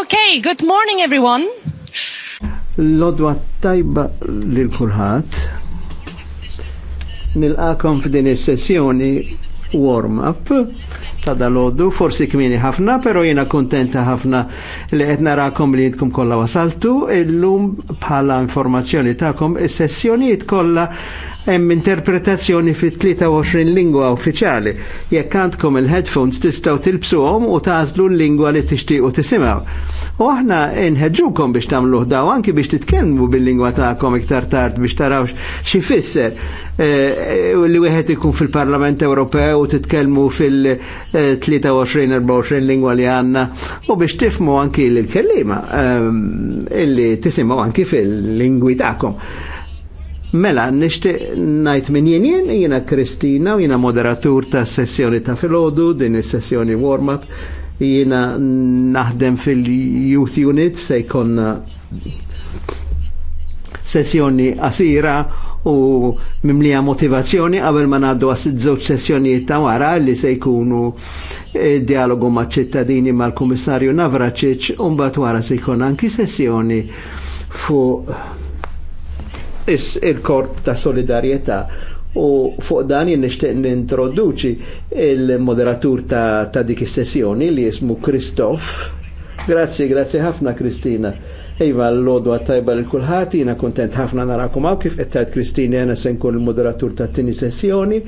Okay, good morning everyone. Lodwa tajba lil kulħadd. Nilqakom f'din is-sessjoni warm-up ta' dalodu, forsi kmini ħafna, pero jena kontenta ħafna li qed narakom li jitkom kollha wasaltu, illum bħala informazzjoni ta'kom is-sessjonijiet kollha hemm interpretazzjoni fit-23 lingwa uffiċjali. Jekk għandkom il-headphones tistgħu tilbsuhom u tażlu l-lingwa li tixtiequ tisimgħu. U aħna nħedġukom biex tagħmluh daw anki biex titkellmu bil-lingwa tagħkom iktar tard biex taraw xi fisser eh, li wieħed ikun fil-Parlament Ewropew u titkellmu fil-23-24 lingwa li għandna u biex tifmu anki l-kellima ehm, illi tisimgħu anki fil-lingwi tagħkom. Mela, nishtiq najt minn jien jien, jiena Kristina, jiena moderatur ta' sessjoni ta' filodu, din is-sessjoni warm-up, jiena naħdem fil-Youth Unit, se jkonna uh, sessjoni asira u mimlija motivazzjoni qabel ma ngħaddu għas żewġ sessjonijiet ta' wara li se jkunu eh, dialogu ma' ċittadini mal-Kummissarju Navracic u mbagħad wara se jkun anki sessjoni fuq is il-korp ta' solidarieta u fuq dan jien nixtieq nintroduċi il-moderatur ta', ta dik is-sessjoni li jismu Kristof. Grazzi, grazzi ħafna Kristina. Iva l-lodu għattajba l kulħati jina kontent ħafna narakum għaw kif għettajt Kristini għana kun il-moderatur ta' t-tini sessjoni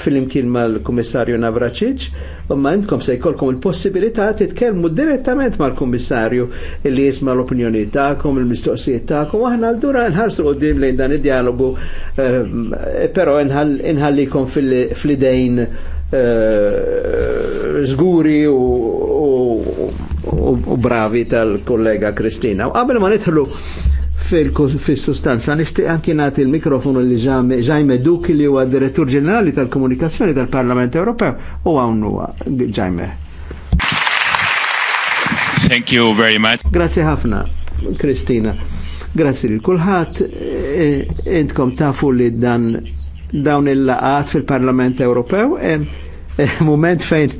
fil-imkien mal-komissarju Navracic, u ma' jentkom se jkolkom il-possibilità t-tkelmu direttament mal-komissarju li jisma l-opinjoni ta'kom, il-mistoqsijiet ta'kom, għahna l-dura nħarsu għoddim lejn dan id-dialogu, eh, pero nħallikom fil-idejn zguri eh, u u bravi tal-kollega Kristina. U qabel ma nitħlu fil-sustanza nixtieq anki nagħti il-mikrofonu li Ġajme Duki li huwa direttur ġenerali tal-komunikazzjoni tal-Parlament Ewropew u għawnu Ġajme. Thank you very much. Grazie ħafna, Kristina. Grazie lil kulħat, e, Intkom tafu li dan dawn il-laqat fil-Parlament Ewropew. E, e, moment fejn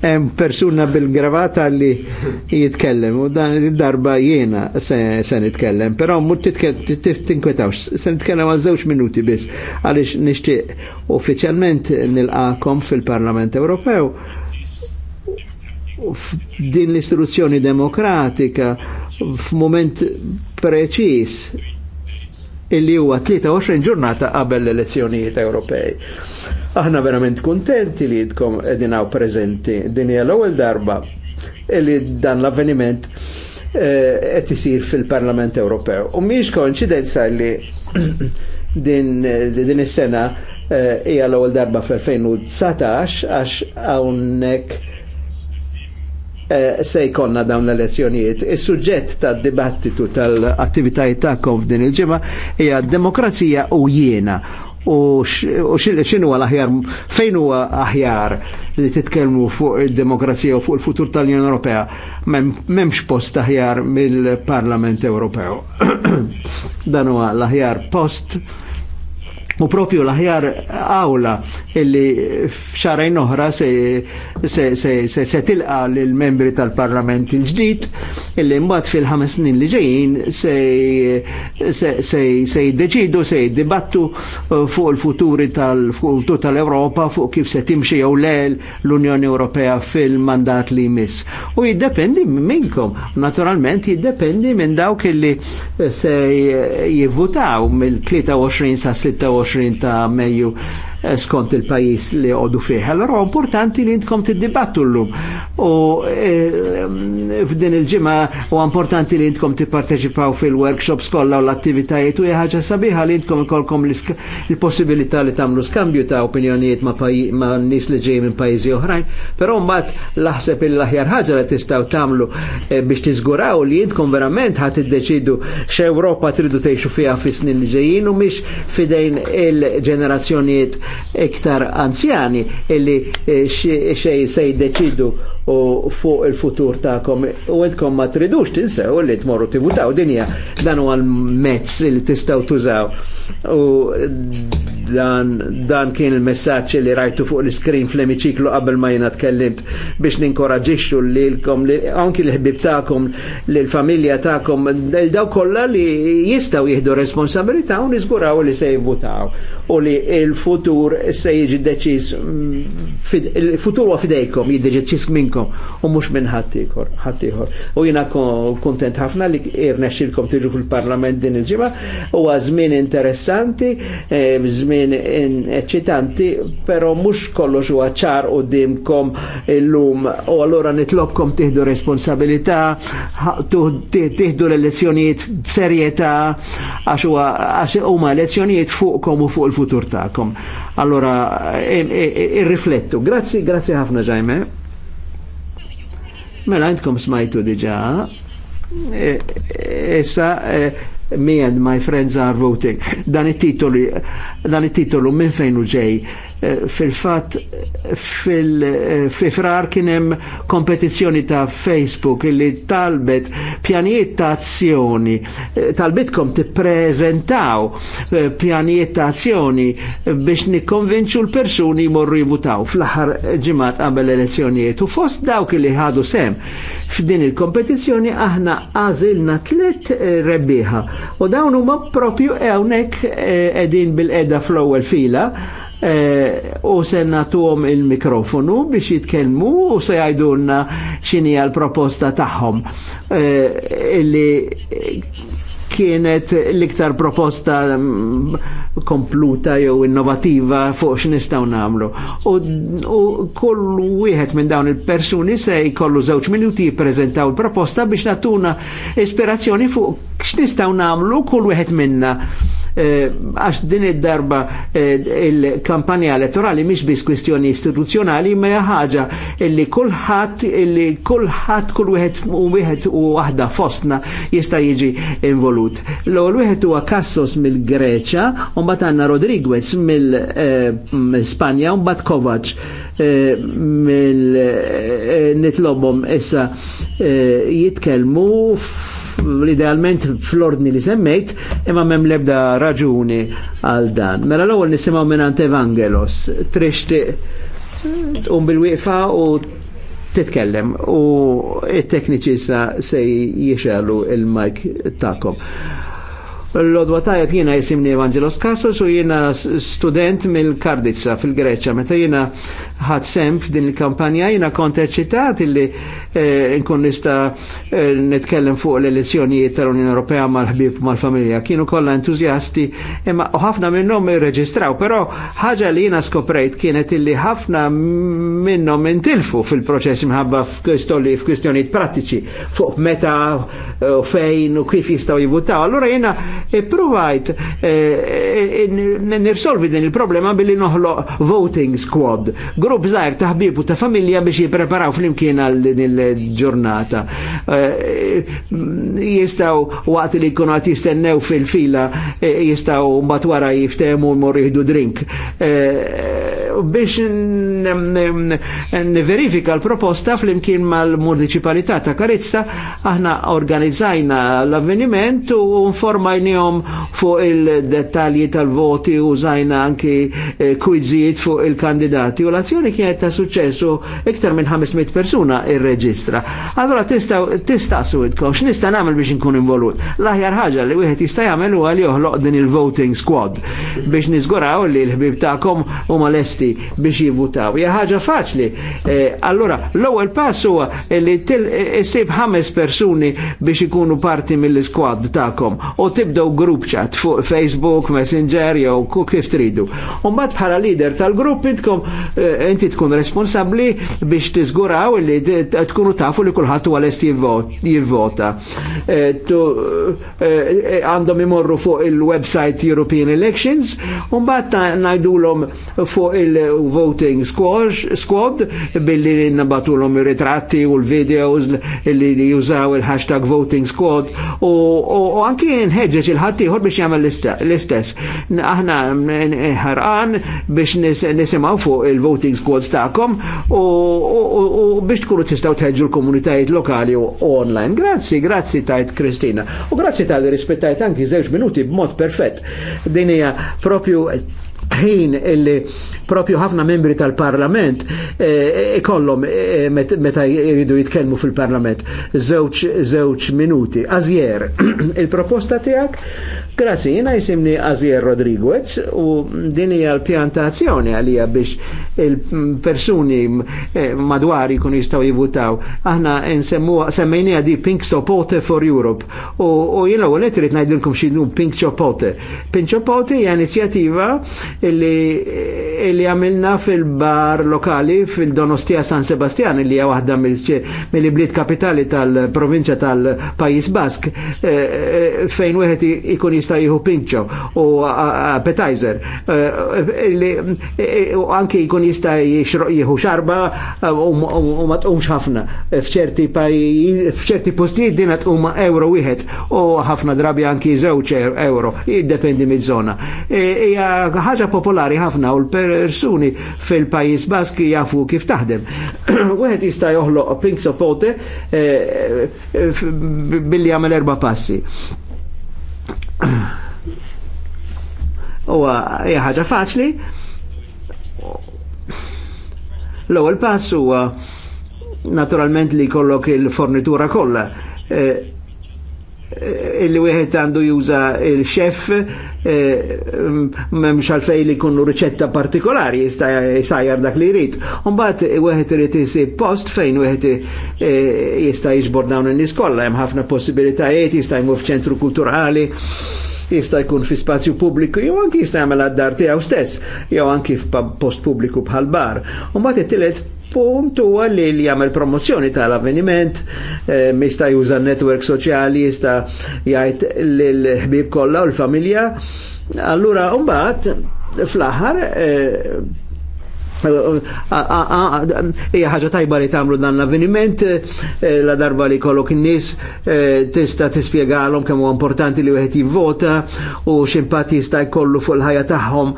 hemm persuna bil-gravata li jitkellem u dan id-darba jiena se nitkellem, però mhux tinkwetawx, se nitkellem għal żewġ minuti biss għaliex nixtieq uffiċjalment nilqakom fil-Parlament Ewropew din l-istruzzjoni demokratika f'mument preċis illi huwa 23 ġurnata qabel l-elezzjonijiet Ewropej. Aħna verament kontenti li jidkom edinaw prezenti din hija l-ewwel darba illi dan l-avveniment eh, qed isir fil-Parlament Ewropew. U mhix koincidenza li din, din is-sena eh, hija l-ewwel darba fl-2019 għax hawnhekk Eh, se jkollna dawn l-elezzjonijiet. Is-suġġett tad-dibattitu tal-attivitajiet ta' f'din il-ġimgħa hija demokrazija u jiena u xinu għal aħjar, fejn huwa aħjar li titkellmu fuq il-demokrazija u fuq il-futur tal-Unjoni Ewropea, memx post aħjar mill-Parlament Ewropew. Dan huwa l-aħjar post U propju l-aħjar għawla illi fxarajn oħra se, se, se, se, se tilqa l-membri tal-parlament il-ġdid illi mbagħad fil-ħames snin li ġejjin se, se, se, se jiddeċidu, se jiddibattu uh, fuq il-futuri tal-futur tal-Ewropa, fuq kif se timxi jew le l-Unjoni Ewropea fil-mandat li jmiss. U jiddependi minnkom, naturalment jiddependi minn dawk illi se jivvutaw mill-23 sa 26 ta' Mejju Eh, skont il-pajis li għodu fih. Allora importanti li intkom tiddibattu l-lum u eh, f'din il-ġimma u importanti li intkom tipparteċipaw fil-workshops kolla u l-attivitajiet u jħagġa sabiħa li intkom kolkom il-possibilità li tagħmlu skambju ta' opinjonijiet ma' nis li ġej minn pajjiżi oħrajn, però mbagħad laħseb il laħjar ħaġa li tistaw tagħmlu eh, biex tiżguraw li intkom verament ħadd iddeċidu x'Ewropa tridu tgħixu fiha fis-snin li ġejjin u mhix fidejn il-ġenerazzjonijiet iktar anzjani illi eh, xej se jiddeċidu u fuq il-futur ta'kom u għedkom ma tridux tinsew li tmorru tivutaw dinja dan u għal-mezz li tistaw tużaw u dan, dan kien il-messagġ li rajtu fuq l-iskrin fl-emiċiklu qabel ma jena tkellimt biex ninkoraġiċu li l-kom anki l-ħbib ta'kom li l-familja ta'kom daw kollha li jistaw jihdu responsabilità u nizguraw li se jibutaw u li il-futur se jiġi deċis mm, il-futur u fidejkom deċis minn minnkom u mux minn ħattijħor. U jina kontent ħafna li xilkom tiġu fil-parlament din il-ġimma e, u għazmin interessanti, zmin eċitanti, pero mux kollox u għacċar u dimkom l-lum u għallura nitlobkom tiħdu responsabilità, tiħdu l-elezzjonijiet b'serjetà għax u huma elezzjoniet fuqkom u fuq il-futur ta'kom. Allora, e- e- irriflettu. Grazie, grazzi ħafna ġajme. Mela għandkom smajtu diġa, issa e, e, me and my friends are voting. Dan it-titolu minn fejn u ġej fil-fat fil-frar eh, kienem kompetizjoni ta' Facebook illi talbet pjanijiet ta' azzjoni eh, ti prezentaw eh, pjanijiet ta' azzjoni biex nikonvinċu l-persuni morru jibutaw fl-aħħar ġimat qabel elezzjonijiet u fost dawk li ħadu sem f'din il-kompetizjoni aħna għazilna tlet rebbieħa u dawn huma propju hawnhekk edin bil-qeda fl-ewwel fila Eh, u se natuhom il-mikrofonu biex jitkellmu u se jgħidulna x'inhi l-proposta tagħhom eh, illi kienet l-iktar proposta mm, kompluta jew innovativa fuq x'nistgħu nagħmlu. U, u kull wieħed minn dawn il-persuni se jkollu żewġ minuti jippreżentaw il-proposta biex natuna ispirazzjoni fuq x'nistgħu nagħmlu kull wieħed minna Eh, għax din id-darba eh, il-kampanja elettorali mhix biss kwistjoni istituzzjonali ma ħaġa illi kulħadd li kulħadd kull wieħed u wieħed u waħda fostna jista' jiġi involut. L-ewwel wieħed huwa Kassos mill-Greċja, u mbagħad għandna Rodriguez mill-Spanja, eh, u mbagħad Kovac mill-nitlobhom issa jitkellmu idealment fl-ordni li semmejt, imma mem lebda raġuni għal dan. Mela l-ewwel nisimgħu minn Evangelos, trixti um bil-wieqfa u titkellem u it-tekniċi sa se jiexalu il-mike takom. L-odwa tajab jina jisimni Evangelos Kassos u jina student mill-Kardizza fil-Greċa. Meta jina ħad sem f'din il-kampanja jina kont eċitat illi eh, nkun nista eh, nitkellem fuq l-elezzjonijiet tal-Unjoni Ewropea mal-ħbib mal-familja. Kienu kollha entuzjasti imma ħafna minnhom irreġistraw, però ħaġa li jina skoprejt kienet illi ħafna minnhom intilfu fil-proċess imħabba f'kwistjoni f'kwistjonijiet prattiċi fuq meta eh, fejn u kif jistgħu jivutaw. Allura jina E provajt e, e, nirsolvi din il-problema billi noħlo voting squad, grupp zaħir ta' u ta' familja biex jipreparaw fl-imkien għal ġurnata Jistaw waqt li jkunu għat jistennew fil-fila, jistaw matwara jiftemu mor jihdu drink. Biex n-verifika l-proposta fl-imkien mal-municipalità ta' Karizza, aħna organizzajna l-avveniment u informajni saqsejnijom fuq il-dettalji tal-voti u zajna anki eh, kwizijiet fuq il-kandidati u l-azzjoni kienet ta' successu iktar minn 500 persuna ir-reġistra. Allora tista' idkom, x'nista' nagħmel biex nkun involut. L-aħjar ħaġa li wieħed jista' jagħmel huwa li joħloq din il-voting squad biex niżguraw li l-ħbib tagħkom huma lesti biex jivvutaw. Hija ħaġa faċli. Eh, allora l-ewwel pass huwa li eh, issib ħames persuni biex ikunu parti mill-squad tagħkom u tibda tibdow grupp chat fuq Facebook, Messenger jew ku kif tridu. Umbat bħala leader tal-grupp intkom eh, inti tkun responsabli biex tiżguraw li tkunu tafu li kulħadd huwa lest jivvota. Eh, eh, għandhom imorru fuq il-website European Elections, umbat ngħidulhom fuq il-voting squad billi nabatulhom ir-ritratti u l-videos li jużaw il-hashtag voting squad u anki nħeġġeġ xilħat ieħor biex jagħmel l-istess. Aħna ħarqan biex nisimaw fuq il-voting squads takom u biex tkunu tistaw tħedġu l-komunitajiet lokali u online. Grazzi, grazzi tajt Kristina. U grazzi tajt rispettajt anki zewġ minuti b'mod perfett. Dinija propju ħin illi propju ħafna membri tal-parlament eh, eh, ikollhom eh, meta jridu jitkellmu fil-parlament. Żewġ minuti. Azjer, il-proposta tiegħek Grazie, jina jisimni Azier Rodriguez u din hija l-pjantazzjoni għalija biex il-persuni eh, madwar kun jistaw jivutaw. Aħna semmejnija di Pink Chopote for Europe u jina u l-etrit najdilkom xidnu Pink Chopote. Pink Chopote hija inizjativa illi għamilna fil-bar lokali fil-Donostia San Sebastian illi hija waħda mill-bliet kapitali tal provinċa tal-Pajis Bask eh, eh, fejn wieħed ikun jistaw jista' jieħu pinċo u appetizer eh, eh, u anke jkun jista' jixroq jieħu xarba eh, u ma tqumx ħafna f'ċerti postijiet din tqum euro wieħed u ħafna drabi anki żewġ e-, euro jiddependi miż-żona. E, hija ħaġa popolari ħafna u l-persuni fil-Pajjiż Baski jafu kif taħdem. Wieħed jista' joħloq pink sopote billi jagħmel erba' passi. Huwa hija ħaġa faċli. L-ewwel pass huwa naturalment li jkollok il-fornitura kollha. Eh, illi wieħed għandu juża il-xef eh, mm, m'hemmx għalfej li jkunu riċetta partikolari jistajjar dak li jrid. Umbagħad wieħed irid isib post fejn wieħed eh, jista' jiġbor dawn in-nies kollha hemm ħafna possibilitajiet, jista' jmur f'ċentru kulturali jista' jkun fi spazju pubbliku jew anki jista' jagħmel għad-dar tiegħu stess, jew anki f'post pubbliku bħal bar. Umbagħad it-tielet punt u għalli li jagħmel promozzjoni tal-avveniment, eh, mista juża netwerk soċjali, jista' jgħid l-ħbib kollha u l-familja. Allura mbagħad fl-aħħar eh, Ija eh, eh, ħaġa tajba li tamlu dan l-avveniment, la darba li kollok n-nis tista tispiegalom kemm huwa importanti li wieħed jivvota u ximpati jista' jkollu fuq il-ħajja tagħhom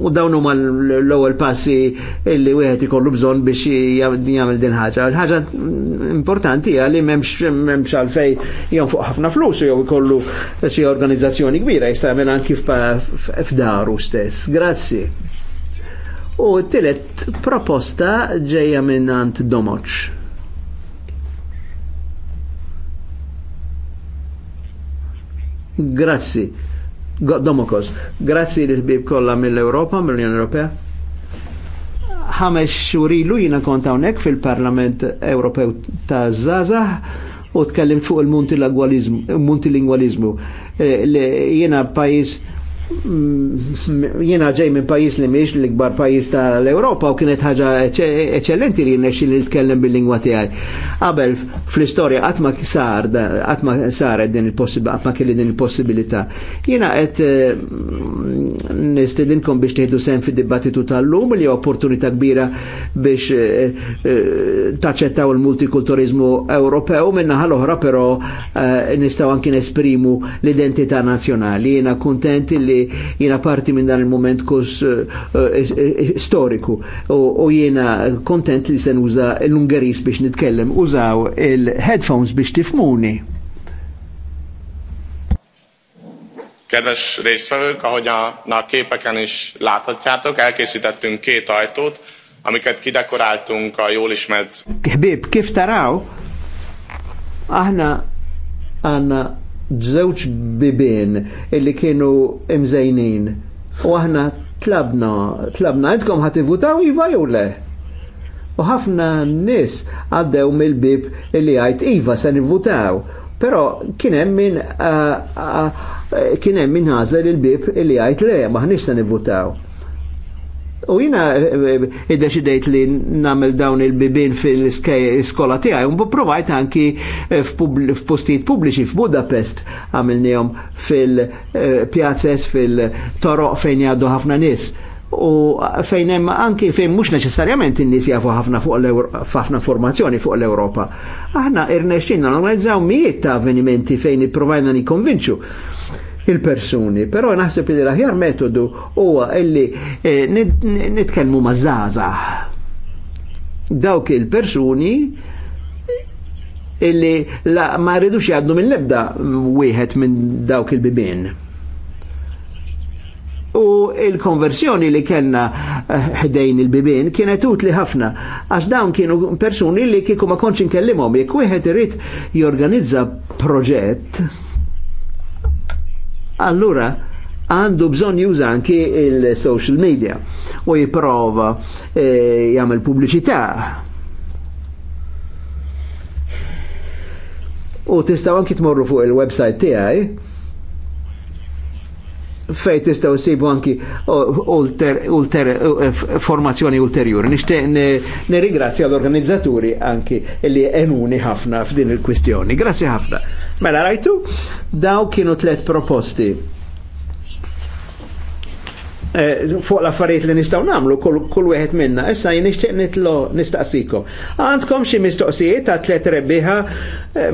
u dawn huma l-ewwel passi li wieħed ikollu bżonn biex jagħmel din ħaġa. L-ħaġa importanti hija li m'hemmx għalfej jonfuq ħafna flus jew ikollu xi organizzazzjoni kbira jista' jagħmel anki f'daru stess. Grazzi. U t-tilet proposta ġejja minn għand Domoċ. Grazzi Domokos. Grazzi li l-bib kolla mill-Europa, mill-Unjoni Ewropea. Ħames lu jina konta unek fil-Parlament Ewropew ta' Zaza u tkellimt fuq il multilingualizmu eh, Jina pajis Mm, jiena ġej minn pajis li miex l-ikbar pajis tal-Europa u kienet ħaġa eccellenti li jnexxi li tkellem bil-lingwa tiegħi. Qabel fl-istorja qatt ma sar qatt ma saret din il-possibilità ma kelli din il-possibilità. Jiena qed mm, nistedinkom biex tieħdu sen fid-dibattitu tal-lum li opportunità kbira biex eh, eh, taċċettaw il-multikulturizmu Ewropew minna l-oħra però eh, nistgħu anki nesprimu l-identità nazzjonali. Jiena kuntenti li jina parti minn dan il-moment kos eh, eh, eh, storiku u jina kontent li sen uża l-Ungeris biex nitkellem, użaw il-headphones biex tifmuni. Kedves résztvevők, ahogy a, a képeken is láthatjátok, elkészítettünk két ajtót, amiket kidekoráltunk a jól ismert... Kihbib, kif taraw? Aħna għanna żewġ bibien illi kienu imżejnin. U aħna tlabna, tlabna, għedkom ħativutaw iva jew le. U ħafna nis għaddew mill-bib illi għajt iva se nivvutaw. Pero kienem min kienem min ħazel il-bib illi għajt le, maħnix se nivvutaw. U jina eh, id-deċidejt li namel dawn il-bibin fil-skola tijaj, un provajt anki eh, f-postijiet pubbliċi f-Budapest għamilnijom fil-pjazzes, eh, fil-toroq fejn jaddu ħafna nis u fejn hemm anki fejn mhux neċessarjament in-nies jafu ħafna fuq ħafna formazzjoni fuq l-Ewropa. Aħna irnexxinna organizzaw mijiet ta' avvenimenti fejn ippruvajna nikkonvinċu il-persuni. Però naħseb li l-aħjar metodu huwa illi eh, nitkellmu nitkellmu mażaza. Dawk il-persuni illi ma rridux jgħaddu mill-ebda wieħed minn dawk il-bibien. U il-konversjoni li kellna eh, ħdejn il-bibin kienet utli ħafna, għax dawn kienu persuni li kieku ma konċin kellimhom, jekk wieħed irid jorganizza proġett allura għandu bżon juża anki il-social media u jiprova e, jagħmel pubbliċità. U tistgħu anki tmorru fuq il-website tiegħi fej tistaw sibu anki e, formazzjoni ulterjuri. Nishtiq nirigrazzja l-organizzaturi anki li enuni ħafna f'din il-kwistjoni. Grazzi ħafna. Mela rajtu, daw kienu tlet proposti e, fuq l-affarijiet li nistgħu nagħmlu kull wieħed minna. Issa jien nixtieq nitlo nistaqsikom. Għandkom xi mistoqsijiet ta' tliet rebbieħa e,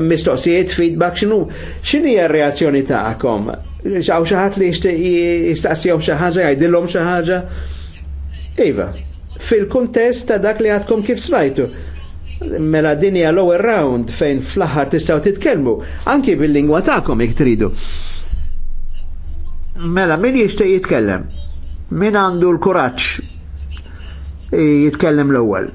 mistoqsijiet feedback x'inhu x'inhi r-reazzjoni tagħkom? ċaw xaħat li jistaqsijom xaħġa, jgħidillom xaħġa. Iva, fil-kontest ta' dak li għadkom kif smajtu. Mela dinja l-ewwel round fejn fl-aħħar tistaw titkellmu, anki bil-lingwa tagħkom jekk tridu. Mela min jixtieq jitkellem? Min għandu l-kuraġġ jitkellem l-ewwel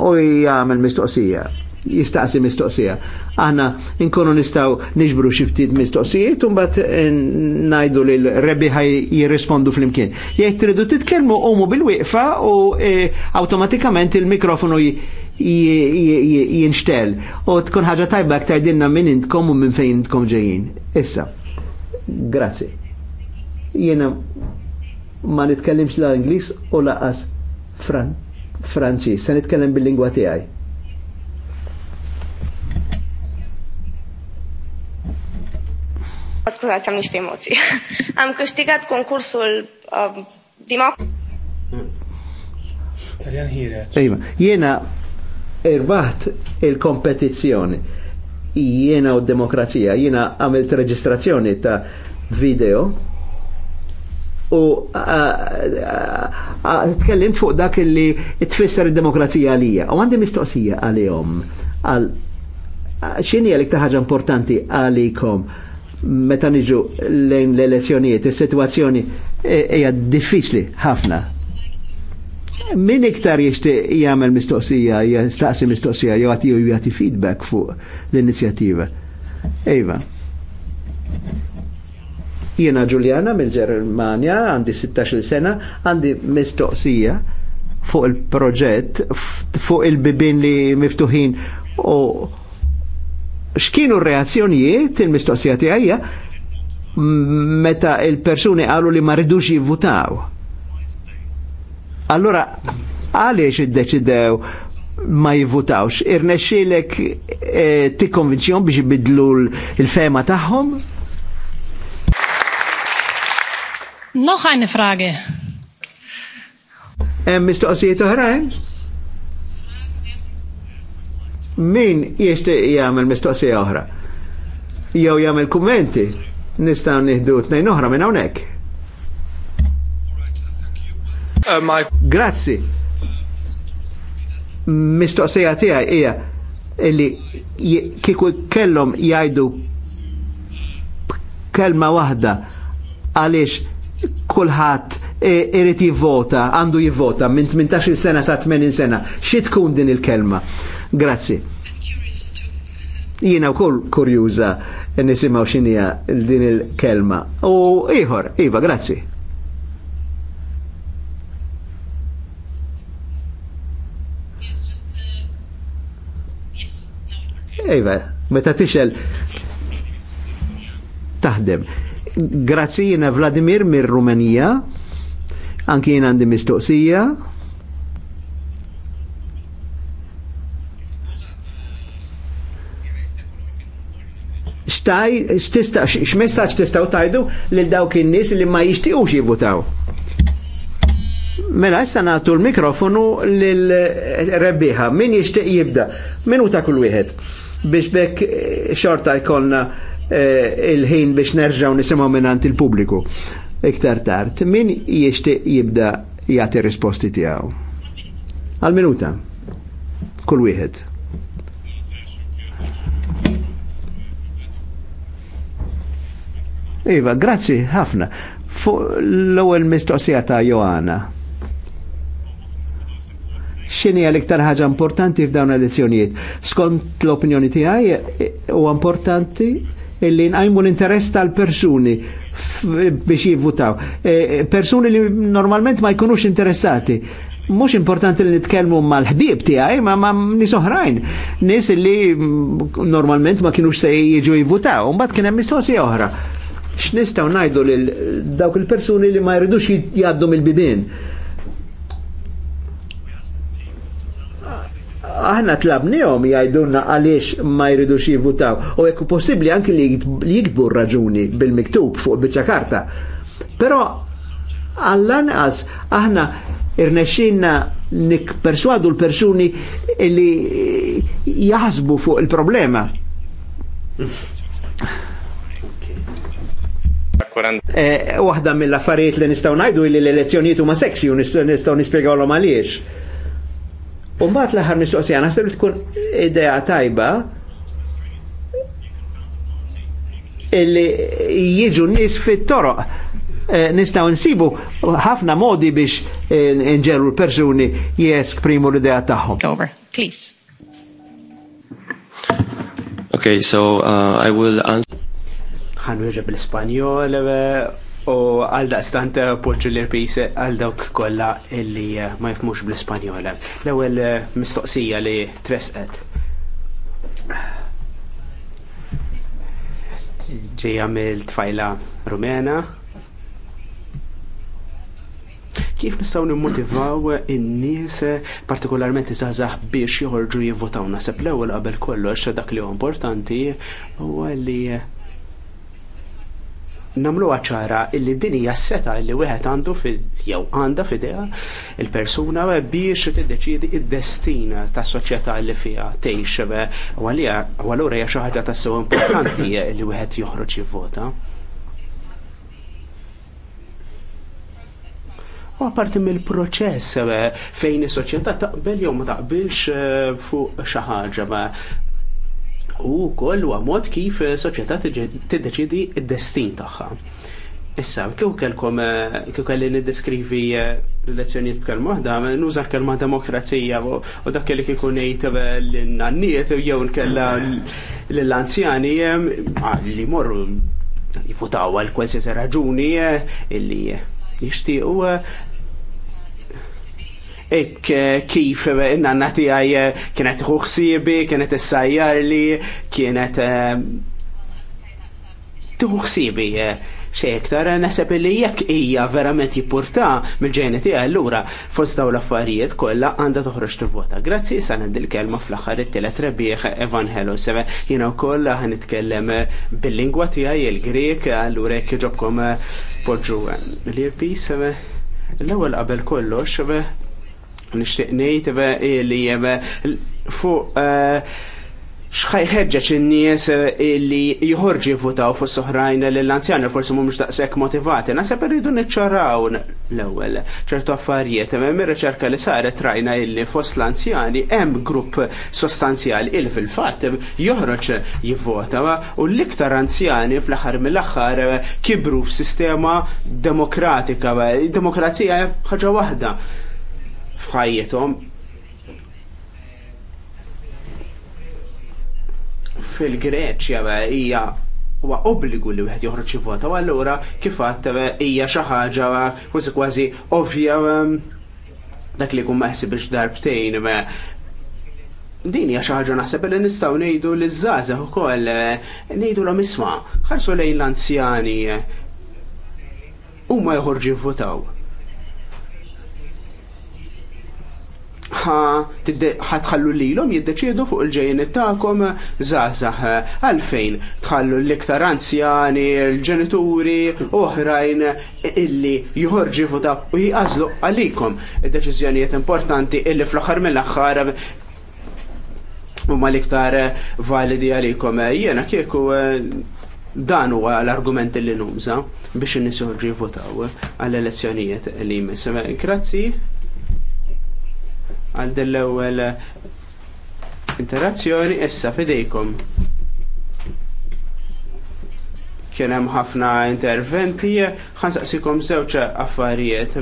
u jagħmel mistoqsija jistaqsi mistoqsija. Aħna nistgħu nistaw nixbru ftit mistoqsijiet un eh, ngħidu lil li l jirrispondu flimkien. Jgħid tridu titkellmu umu bil wieqfa u eh, automatikament il-mikrofonu jinxtel. U tkun ħaġa tajba tgħidilna minn intkom u minn fejn intkom ġejjin. Issa, grazzi. Jiena ma nitkellimx la Ingliż u laqas Fran se nitkellem bil-lingwa tiegħi Scuzați, am niște emoții. Am câștigat concursul uh, um, Dima... Taljan ħireċ. jena irbaħt il-kompetizjoni, jena u demokrazija, jena għamilt reġistrazzjoni ta' video u t-tkellim fuq dak li tfisser il demokrazija għalija. U għandi mistoqsija għalijom għal xini għalik ħaġa importanti għalikom? meta niġu lejn l-elezzjonijiet, il-situazzjoni e, hija diffiċli ħafna. Min iktar jixti jagħmel mistoqsija, jistaqsi mistoqsija, jew għati jagħti feedback fuq l-inizjattiva. Ejva. Jiena Ġuljana mill-Ġermanja, għandi 16 sena, għandi mistoqsija fuq il-proġett, fuq il-bibin li miftuħin u x'kienu r-reazzjonijiet il-mistoqsija tiegħija meta il-persuni qalu li ma rridux jivvutaw. Allora għaliex iddeċidew ma jivvutawx, irnexxielek eh, tikkonvinċjom biex ibidlu l-fema tagħhom? Noch Frage. mistoqsijiet oħrajn? min jishtiq jgħamil mistoqsija oħra. Jew jagħmel kummenti nistgħu nieħdu tnejn oħra minn hawnhekk. Uh, Grazzi. Mistoqsija tiegħi hija illi kieku kellhom jgħidu kelma waħda għaliex kulħadd irid jivvota, għandu jivvota minn 18 sena sa 80 sena. Xi tkun din il-kelma? Grazzi. Jiena wkoll kurjuza nisimaw xinija din il-kelma. U iħor, iva, grazzi. Iva, meta tixel taħdem. Grazzi jina Vladimir mir-Rumanija, anki jina għandi mistoqsija. xtaj, xtista, xmessaċ tistaw tajdu li dawk in-nies li ma jixtiqux jivutaw. Mela, issa nagħtu l-mikrofonu lil-rebbiħa. Eh, Min jixtieq jibda? Minuta kull wieħed. Biex bekk eh, xorta jkollna eh, il-ħin biex nerġa'w nisimgħu minant il-pubbliku. Iktar tard. Min jixtieq jibda jagħti risposti tiegħu? Għal minuta. Kull wieħed. Iva, grazzi ħafna. Fuq l-ewwel mistoqsija ta' Joana. X'inhi l-iktar ħaġa importanti f'dawn l lezzjonijiet Skont l-opinjoni tiegħi u importanti illi nqajmu l-interess tal-persuni biex jivvutaw. E, persuni li normalment ma jkunux interessati. Mhux importanti li nitkellmu mal-ħbib tiegħi ma ma nies oħrajn. Nies li normalment ma kienux se jiġu jivvutaw. Mbagħad kien hemm mistoqsija oħra x'nistgħu ngħidu lil dawk il-persuni li ma jridux jgħaddu mill-bibien. aħna tlabnihom jgħidulna għaliex ma jridux jivvutaw. U jekk possibbli anke li jiktbu raġuni bil-miktub fuq biċċa karta. Però għall-anqas aħna irnexxinna nikperswadu l-persuni li jaħsbu fuq il-problema akkurat. Eh, Wahda mill-affarijiet li nistaw najdu li l-elezzjonijiet huma seksi u nistaw nispjegawhom l-om għaliex. Umbat laħar mistoqsija għana, li tkun idea tajba illi jieġu nis fit-toroq. Eh, nistaw nsibu ħafna modi biex eh, nġeru l-persuni primu l-idea taħħom. Over, please. Okay, so uh, I will answer ħan wieġeb l-Ispanjol eh, u għal daqstant eh, poġġu l-irpis għal dawk kolla illi eh, ma jifmux bl spanjol L-ewel mistoqsija li tresqet. Ġeja mill-tfajla rumena. Kif nistaw nimmotivaw in-nies partikolarment iżgħażagħ biex joħorġu jivvotaw naseb l-ewwel qabel kollox dak li huwa importanti huwa li namlu ċara illi dinija hija seta illi wieħed għandu jew għanda fidea il-persuna biex tiddeċiedi id-destin ta' soċjetà li fija tgħix allura hija xi ħaġa ta' sew importanti li wieħed joħroġ jivvota. U apparti mill-proċess eh, fejn is-soċjetà taqbel jew ma taqbilx eh, fuq xi ħaġa u koll u għamot kif eh, soċieta tiddeċiedi id-destin tagħha. Issa, kieku kelkom, eh, kif kelli niddeskrivi eh, l-elezzjoniet b'kelma waħda, nuża kelma demokrazija u dak kelli kikun ngħid l-nanniet jew nkella l-anzjani li morru jifutaw għal kwalsiasi raġuni illi jixtiequ ek eh, kif eh, nati tijaj eh, kienet huħsibi, kienet essajjar li, kienet tuħsibi xej iktar naħseb li jekk hija verament jippurta mill-ġejna allura fost daw l-affarijiet kollha għandha toħroġ tivvota. Grazzi sa nagħdi kelma fl-aħħar it-tielet rebbieħ Evangelos. Jiena wkoll ħanitkellem bil-lingwa tiegħi il-Grek allura jekk jobkom poġġu l-earpiece. L-ewwel qabel kollox Nixtieq ngħid li fuq eh, xħajħedġeċ n-nies eh, li jħorġi votaw fuq soħrajn l-anzjani, forse mumiex daqsek motivati. Nasab rridu nċaraw l-ewel ċertu affarijiet, ma mir ċerka li saret rajna illi fost l-anzjani hemm grupp sostanzjali il fil-fatt joħroġ jivvota u l-iktar anzjani fl-aħħar mill-aħħar eh, kibru f'sistema demokratika, demokrazija ħaġa waħda f'ħajjithom fil-Greċja hija huwa obbligu li wieħed joħroġ jivvota u allura kif għadd hija xi ħaġa kważi kważi ovvja dak li jkun meħsib biex darbtejn din hija xi ħaġa naħseb li nistgħu ngħidu li żgħażagħ ukoll ngħidulhom isma' ħarsu lejn l-anzjani huma joħorġu jivvotaw ħatħallu lilhom jiddeċiedu fuq il-ġejjin tagħkom zazah għalfejn tħallu l-iktar anzjani, l-ġenituri oħrajn illi jħorġifu futa u jgħażlu għalikom id-deċiżjonijiet importanti illi fl-aħħar mill-aħħar u ma iktar validi għalikom. Jena kieku dan huwa l-argument li numża biex n nisuħġi votaw għall-elezzjonijiet li jmiss. Grazzi għal dell-ewwel interazzjoni issa fidejkom. Kien hemm ħafna interventi, ħansaqsikom żewġ affarijiet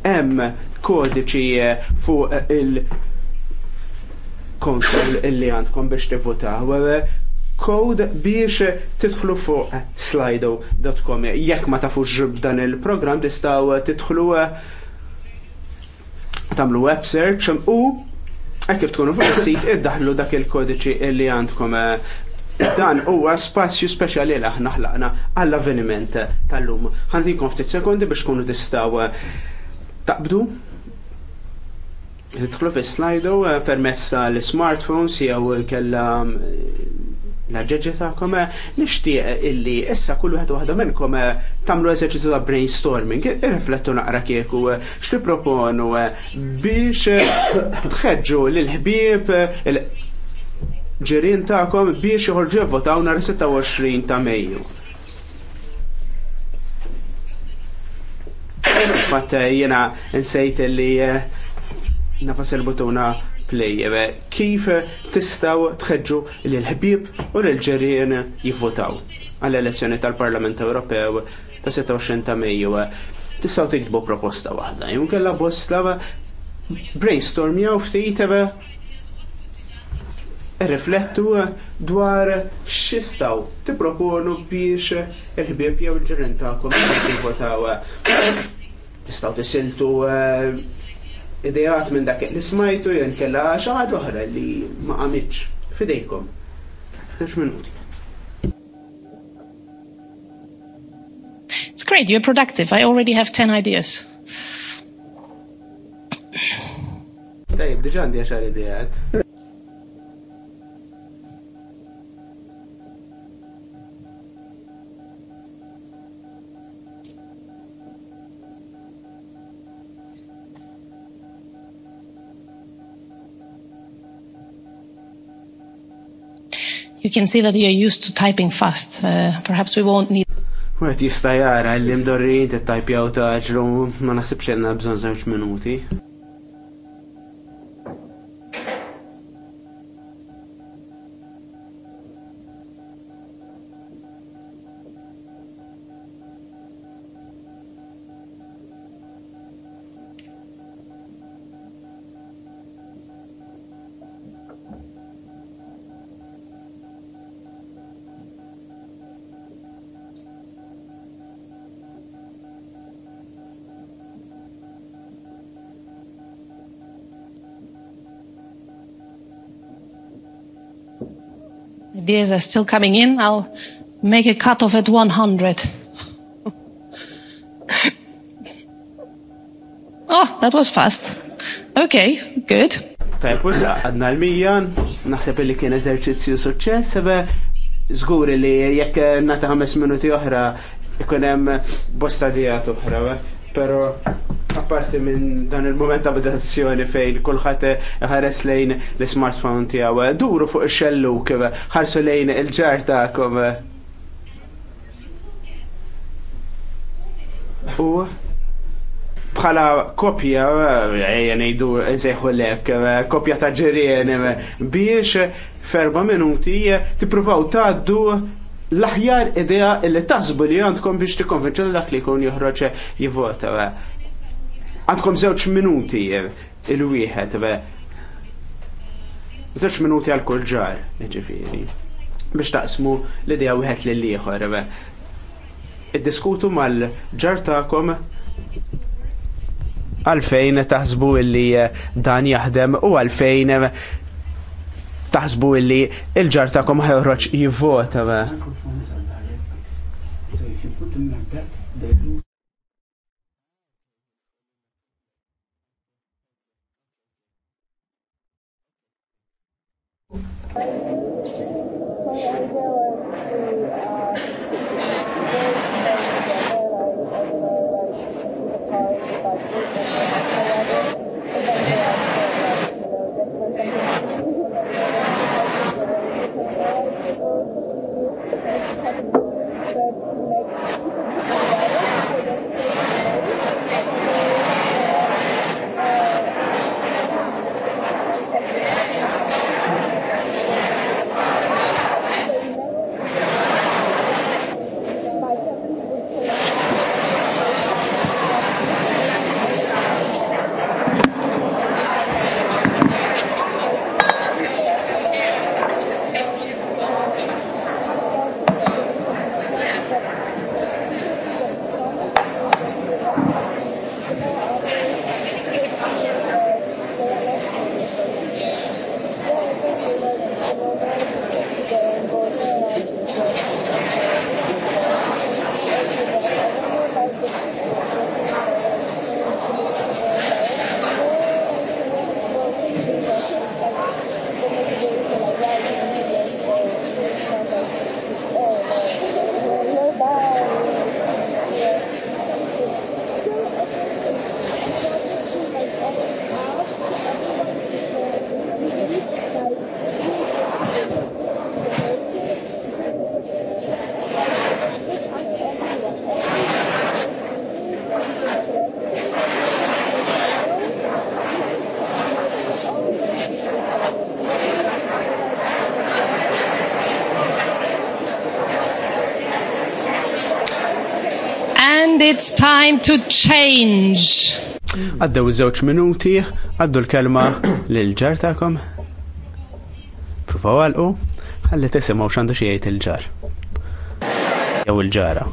hemm kodiċi fuq il konsol illi għandkom biex tivvutaw kod biex titħlu fuq slido.com. Jekk ma tafux dan il-program tistgħu titħlu tamlu web search um, u kif tkunu fuq is-sit iddaħlu dak il-kodiċi li għandkom eh, dan huwa spazju speċjali li aħna ħlaqna għall-avveniment tal-lum. Ħandikom ftit sekondi biex tkunu tistgħu eh, taqbdu. Tidħlu fi slajdu eh, permezz tal smartphones jew kella l-ġeġi ta'kom, eh, nishtiq illi issa kullu għadu waħda minnkom eh, tamlu eserċizu ta' brainstorming, irriflettu naqra kieku, eh, xti proponu biex tħedġu l-ħbib ġirin ta'kom biex joħorġu votaw nar 26 ta' Mejju. Fatta jena nsejt illi nafas il-butuna play. Kif tistaw tħedġu li l-ħbib u l-ġerien jivvotaw għall-elezzjoni tal-Parlament Ewropew ta' 26 ta' Mejju. Tistaw tiktbu proposta waħda. Jumkella bosta brainstorm jaw ftit riflettu dwar xistaw tipproponu biex il-ħbib jew il-ġerien ta'kom jivvotaw. Tistaw tisiltu idejat minn dak li smajtu jen kella xaħat uħra li ma qamitx fidejkom. Tax minuti. It's great, you're productive. I already have 10 ideas. Tajib, diġan diġan idejat. you can see that you're used to typing fast. Uh, perhaps we won't need. Għet jista l-imdorri, t-tajpjaw taġlu, ma nasibx jenna bżon zewċ minuti. ideas are still coming in. I'll make a cut off at 100. oh, that was fast. Okay, good. Tajb, wisa, għadna l-mijan, naħseb li kien eżerċizzju suċċess, sebe zguri li jekk nata 5 minuti oħra, ikun bosta dijat oħra, pero parti minn dan il-moment ta' meditazzjoni fejn kulħadd ħares lejn l-smartphone tiegħu. Duru fuq ix-xellu kif ħarsu lejn il-ġar tagħkom. U bħala kopja, ejja ngħidu eżeħu lek, kopja ta' ġirien, biex ferba minuti tippruvaw tgħaddu l-aħjar idea li tasbu li għandkom biex tikkonvinċu l-dak li jkun joħroġ jivvota. Għandkom żewġ minuti eh, il-wieħed eh. Zewċ minuti għal kull ġar, ġifiri. Biex taqsmu l-idea wieħed l-liħor, ieħor eh. Id-diskutu mal-ġar ta'kom għalfejn taħsbu illi dan jaħdem u għalfejn taħsbu illi il-ġar ta'kom ħajroċ jivvota. Thank you. It's time to change. Għaddew żewġ minuti, għaddu l-kelma lil-ġar tagħkom. Provaw għalqu, ħalli tisimgħu x'għandu xi jgħid il-ġar. Jew il-ġara.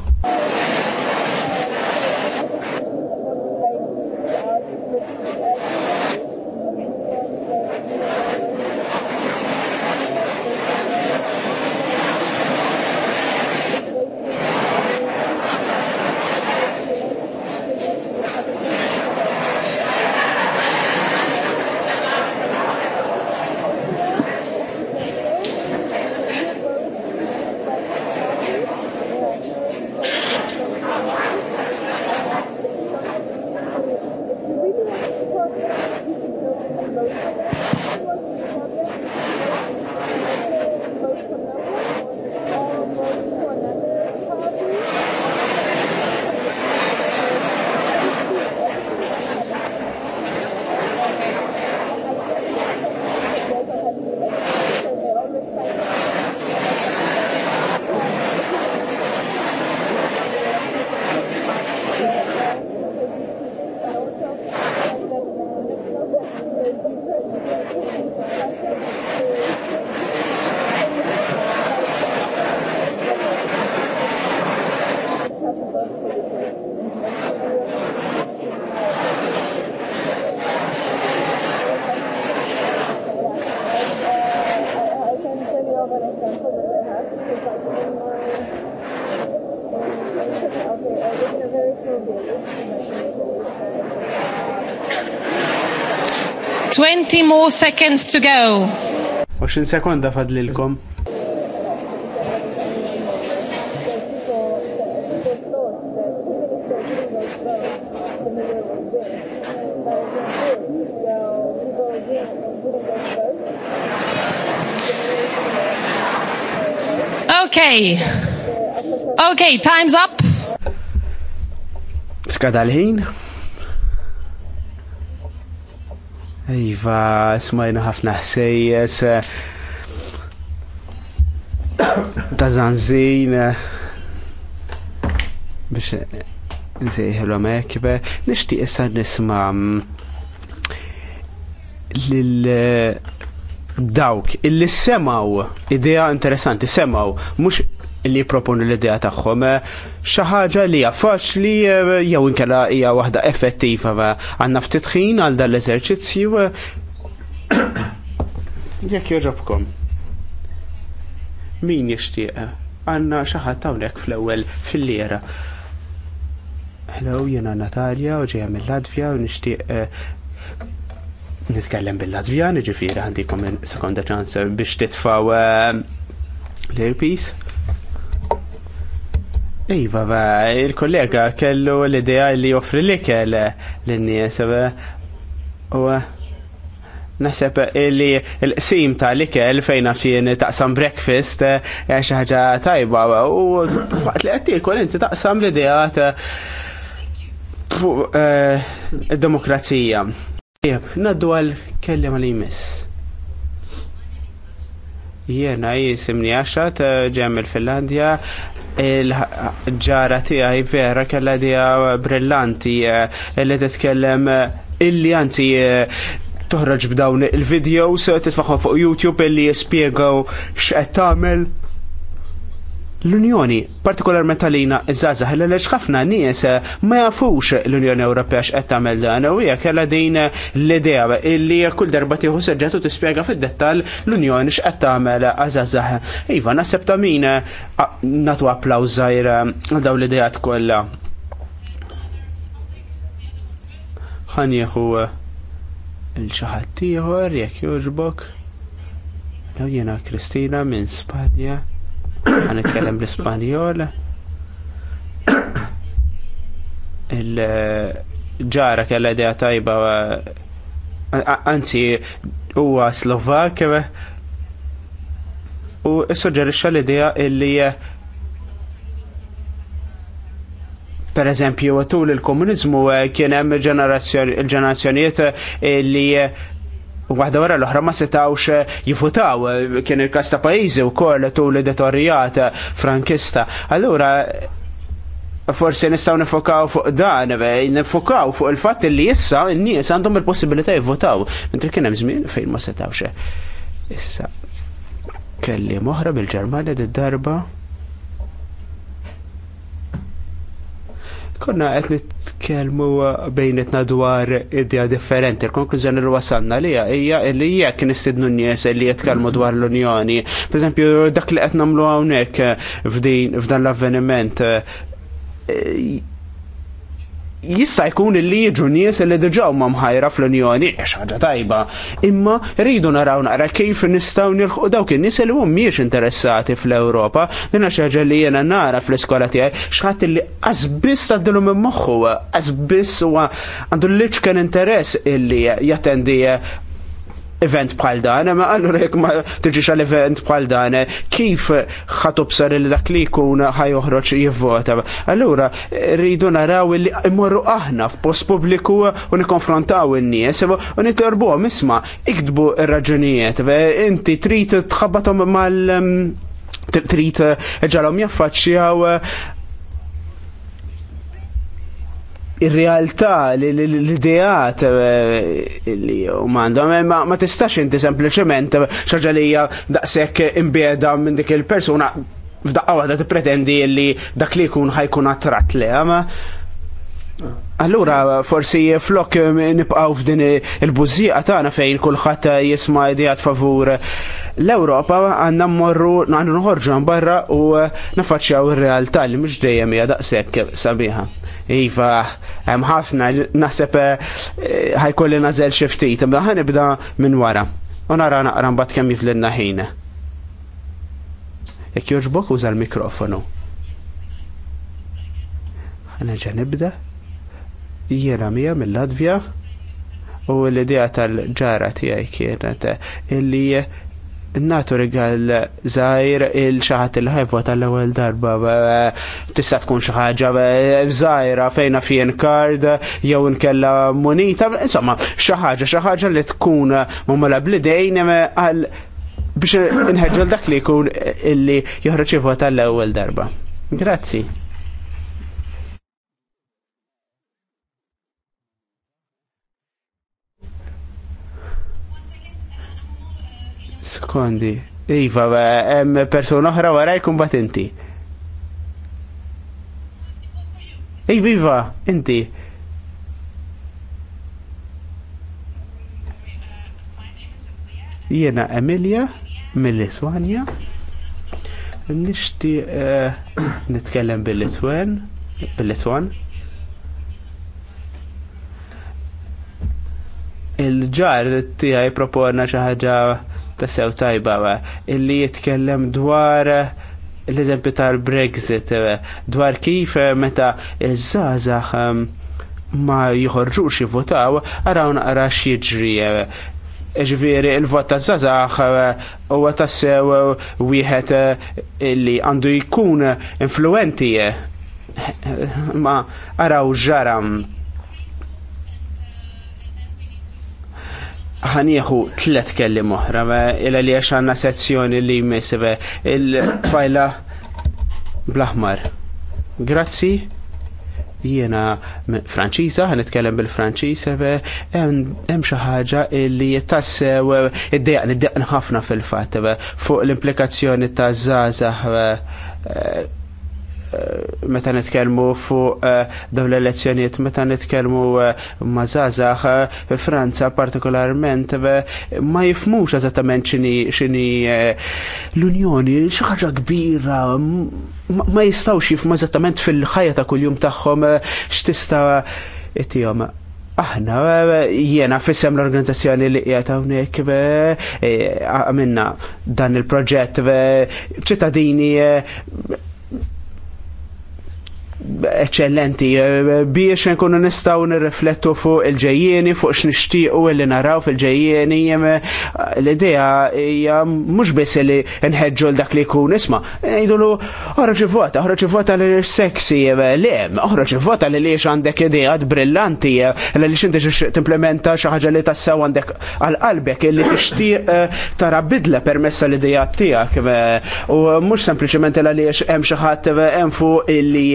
20 more seconds to go. 20 sekonda fadlilkom. Okay. Okay, time's up skada tal ħin Iva, smajna ħafna ħsejjes eh, ta' zanzin eh, biex nsiħlu mekbe. Nishti issa nisma mm, lil eh, dawk illi semaw idea interessanti semaw mux li proponu l-idea tagħhom eh, xi ħaġa li hija faċli eh, jew inkella hija waħda effettiva għandna ftit ħin għal dan l-eżerċizzju. Eh. Jekk jogħġobkom. Min jixtieq? Għandna xi ħadd hawnhekk fl-ewwel fil-liera. Hello, jiena Natalja u ġejja mill-Latvja u nixtieq nitkellem bil-Latvjan, ġifieri għandikom sekonda ċans biex titfaw l-airpiece. Iva, il-kollega kellu l-idea li joffri li kell l-nies, u nasib li l-qsim ta' li kell fejn nafxin taqsam breakfast eh, xi tajba u waqt li u l inti taqsam l-idea ta' eh, demokrazija Jeb, naddu għal kellem għal jmiss. Jena jisimni għaxat ġem il-Finlandja il-ġara tijaj vera kella dija brillanti li eh, tkellem illi għanti eh, eh, toħroġ b'dawn il-videos titfaħħu fuq YouTube illi jispiegaw x'qed tagħmel L-Unjoni, partikolarment għalina iż-żaza, l ħafna nies eh, ma jafux l-Unjoni Ewropea x'qed tagħmel dan u hija kellha din eh, l-idea illi kull darba tieħu seġġet u tispjega fid-dettall l-Unjoni x'qed tagħmel eh, għażażaħ. Iva, naħseb ta' min natu applawż żgħir għal dawn l-idejat kollha. jieħu il xi tiħor, jekk jogħġbok. Law jena Kristina minn Spanja għan itkellem l-Ispanjol. Il-ġara kella idea tajba, anzi, huwa Slovak, u suġġerixxa l-idea illi per eżempju, tul il-komunizmu kien hemm il-ġenerazzjonijiet li waħda wara l-oħra ma setawx eh, jifutaw, eh, kien il-kas ta' pajizi u koll tu l eh, frankista. Allura, forse nistaw nifokaw fuq dan, nifokaw fuq il-fat li jissa n-nies għandhom il-possibilità jivvotaw, mentri kien hemm żmien fejn ma setawx. Issa, kelli moħra bil-Ġermanja d-darba. Konna qed nitkellmu bejnietna dwar idea differenti. Il-konklużjoni li wasanna li hija li jekk nistidnu n-nies li jitkellmu dwar l-Unjoni. Pereżempju dak li qed nagħmlu hawnhekk f'dan l-avveniment eh, jista' jkun li jiġu nies li diġaw ma' mħajra fl-Unjoni għax e ħaġa tajba, imma rridu naraw naqra kif nistgħu nilħu dawk in-nies li mhumiex interessati fl-Ewropa, din għax ħaġa li jiena nara fl-iskola tiegħi x'ħadd li qasbiss tgħaddilhom minn moħħu, qasbiss huwa għandu l-liċ interess illi jattendi event bħal dan, ma allura jekk ma tiġix għal event bħal dan, kif ħatobsar il dak li jkun uħroċ jivvota. Allura rridu naraw li immorru aħna f'post pubbliku u nikkonfrontaw in-nies u nittorbuhom isma' iktbu r-raġunijiet, inti trid tħabbatom mal trit ġalhom jaffaċċjaw ir-realtà, l-ideat eh, li għandhom eh, ma tistax inti sempliċement xaġa li hija daqshekk imbieda minn dik il-persuna f'daqqa waħda tippretendi li dak li jkun ħajkun attratt li Allura, forsi flok eh, nipqaw f'din il-bużija tagħna fejn kulħadd eh, jisma' idejat favur l-Ewropa għandna mmorru għandna nħorġu barra u eh, nafaċċjaw ir-realtà li mhux dejjem hija daqshekk sabiħa. Iva, hemm ħafna naħseb ħajkolli nażel xi ftit, imma nibda minn wara. U nara naqra mbagħad kemm jiflilna ħin. Jekk jogħġbok uża l-mikrofonu. Ħana ġa nibda jiena mija mill-Latvja u l-idea tal-ġara tiegħi kienet illi Natu rigal zaħir il-xaħat il-ħajfwa tal-ewel darba tista' tkun xi ħaġa zaħira fejna fien kard jew nkella munita insomma xi ħaġa xi ħaġa li tkun mumala blidejn għal biex l dak li jkun illi joħroġ tal-ewwel darba. Grazzi. Skondi. Iva, eh, hemm persuna oħra wara kumbat inti. Ej, viva, iva, inti. Jena Emilia, mill-Iswanja. Nishti eh, nitkellem bil-Litwen, bil-Litwan. Il-ġar tiegħi proponna xi ħaġa ta' sew tajba illi jitkellem dwar l-eżempju tal-Brexit dwar kif meta iż-żazax ehm, ma jħorġux jivvotaw għaraw naqra xieġri. ġviri il-vot ta' zazax u sew wieħed illi għandu jkun influenti ma għaraw ġaram ħanieħu tlet kelli moħra, illa li għax għanna sezzjoni li jmessive il-tfajla blaħmar. Grazzi, jiena franċiza, ħanitkellem bil-franċiza, hemm xi ħaġa li jittassew id-dejqni ħafna fil-fatt fuq l-implikazzjoni ta' zazah Eh, meta nitkellmu fuq eh, dawn l-elezzjonijiet, meta nitkellmu eh, ma' zazax Franza partikolarment ma jifmux eżattament x'inhi x'inhi l-Unjoni xi ħaġa kbira ma jistgħux jifmu eżattament fil-ħajja ta' kuljum tagħhom x'tista' tihom. Aħna jiena fissem l-organizzazzjoni li qiegħed hawnhekk għamilna dan il-proġett ċittadini eccellenti eh, biex nkunu nistaw nirriflettu fuq il ġejjieni fuq x'nixtiequ li naraw fil ġejjieni eh, l-idea hija mhux biss li nħeġġu l dak li jkun isma' ngħidulu oħroġ ivvota, oħroġ ivvota li sexy eh, le, oħroġ ivvota li liex għandek ideat brillanti li li x'inti timplementa xi ħaġa li tassew għandek għal-qalbek li tixtieq tara bidla permessa l-idejat tiegħek u mhux sempliċement għaliex hemm xi ħadd hemm fuq illi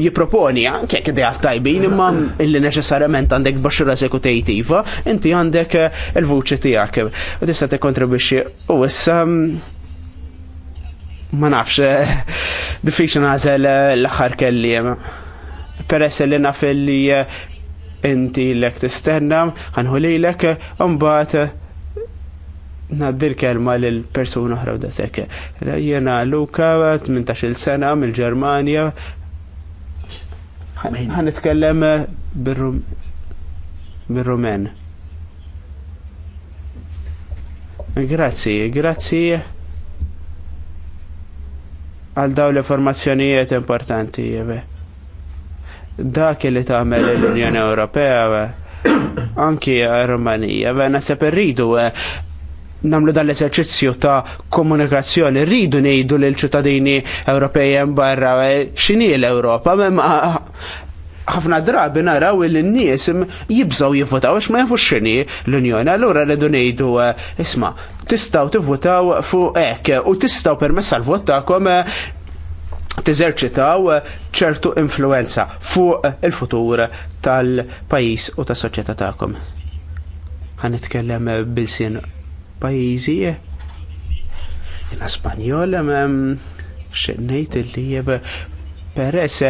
jiproponi anke jekk idejat tajbin imma illi neċessarjament għandek baxxura eżekutejtiva, inti għandek eh, il-vuċi tiegħek. U tista' tikkontribwixxi u issa mm, ma nafx eh, diffiċli nagħżel eh, l-aħħar kelliem. Peress li naf li inti lek tistenna, ħanħu lilek, mbagħad naddi l-kelma l-persuna oħra da sekk. Jena Luka, 18 sena mill-Ġermanja, Ħan nitkellem eh, bil-Rumen. Grazzi, grazzi għal daw l-informazzjonijiet importanti jeve. Dak li tagħmel l-Unjoni Ewropea eh, anki Rumanija, bħana per ridu. Eh, namlu dan l-eserċizzju ta' komunikazzjoni rridu ngħidu lil ċittadini Ewropej hemm barra eh, x'inhi l-Ewropa m'hemm ħafna drabi naraw li n-nies jibżaw jivvotaw għax ma jafux x'inhi l-Unjoni. Allura rridu ngħidu eh, isma' tistgħu tivvotaw fuq hekk eh, u tistgħu permessa għall-vot tagħkom teżerċitaw ċertu influenza fuq il-futur tal-pajis u tas-soċjetà tagħkom. Ħanitkellem bil-sien pajjiżi. Jena Spanjol, xennejt li jeb peress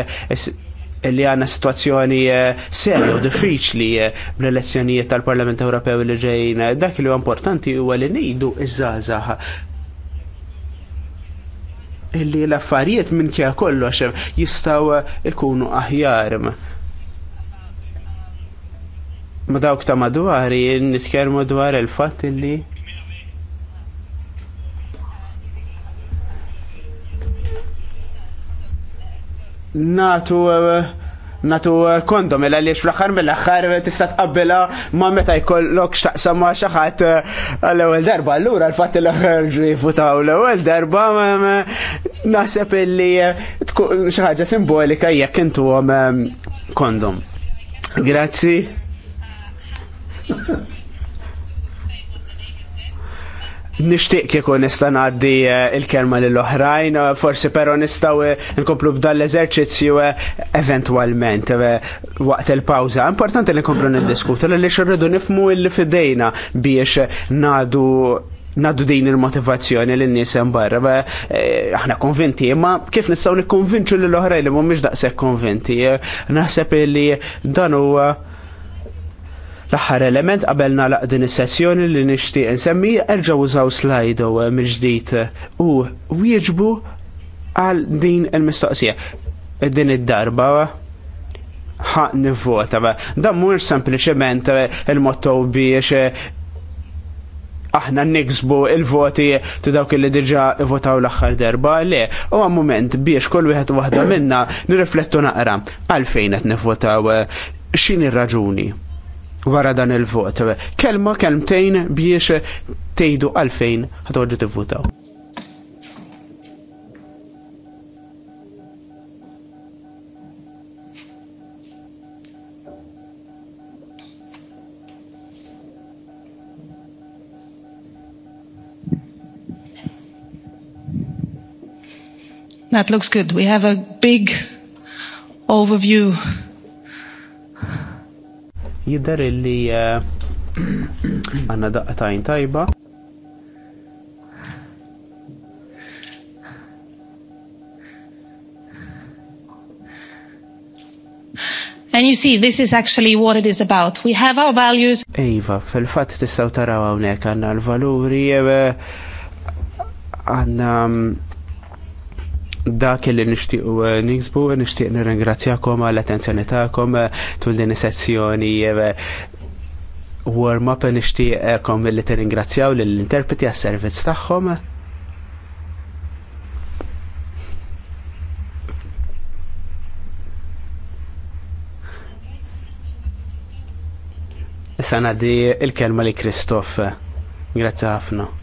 li għanna situazzjoni eh, serio diffiċ diffiċli eh, bl-elezzjonijiet tal-Parlament Ewropew li ġejjin. Dak li huwa importanti huwa li ngħidu iż-żgħażagħ illi l-affarijiet minn kja kollox jistaw ikunu aħjar. Ma dawk ta' madwar, nitkermu dwar il-fat illi natu eh, natu eh, kondom illa mela li fl-axar mill tista' tqabbela ma meta jkollok x'taqsam ma xi ħadd eh, għall-ewwel darba. Allura l l li ħarġu jifutaw l-ewwel darba naħseb illi tkun xi ħaġa simbolika jekk intuhom kondom. Grazzi. Nishtiq kieku nista ngħaddi eh, il-kelma lill-oħrajn, eh, forsi però nistgħu eh, nkomplu b'dan l-eżerċizzju eventwalment waqt il pawza Importanti li nkomplu niddiskutu li xirridu nifmu l fidejna biex nadu naddu din il-motivazzjoni l nies hemm barra. Aħna konvinti, ma' kif nistgħu nikkonvinċu lill oħrajn li mhumiex daqshekk konvinti. Naħseb li dan huwa L-aħħar element qabel nalaq din is-sessjoni li nixtieq insemmi erġgħu użaw slajdo eh, mill-ġdid eh, u wieġbu għal din il-mistoqsija. Din id-darba Ħaq nivvota. Dan mhux sempliċement eh, il-motto biex aħna niksbu il-voti ta' dawk li diġa votaw l aħħar derba, le, u għam moment biex kull wieħed waħda minna nirriflettu naqra għalfejn qed nivvotaw x'in ir-raġuni wara dan il-vot. Kelma kelmtejn biex tejdu għalfejn ħatħoġu votaw That looks good. We have a big overview jidder illi eh, għandna daqatajn tajba. And you see, this is actually what it is about. We have our values. Eva, fil-fat tistaw taraw għawnek għanna l-valuri, eh, għanna mm, dak li nixtiequ eh, niksbu, nixtieq nirringrazzjakom għall attenzjoni tagħkom eh, tul din sessjoni eh, warm up nixtieqkom li tirringrazzjaw lill-interpreti għas-servizz tagħhom. Sana di il-kelma li Kristoff. Grazzi ħafna.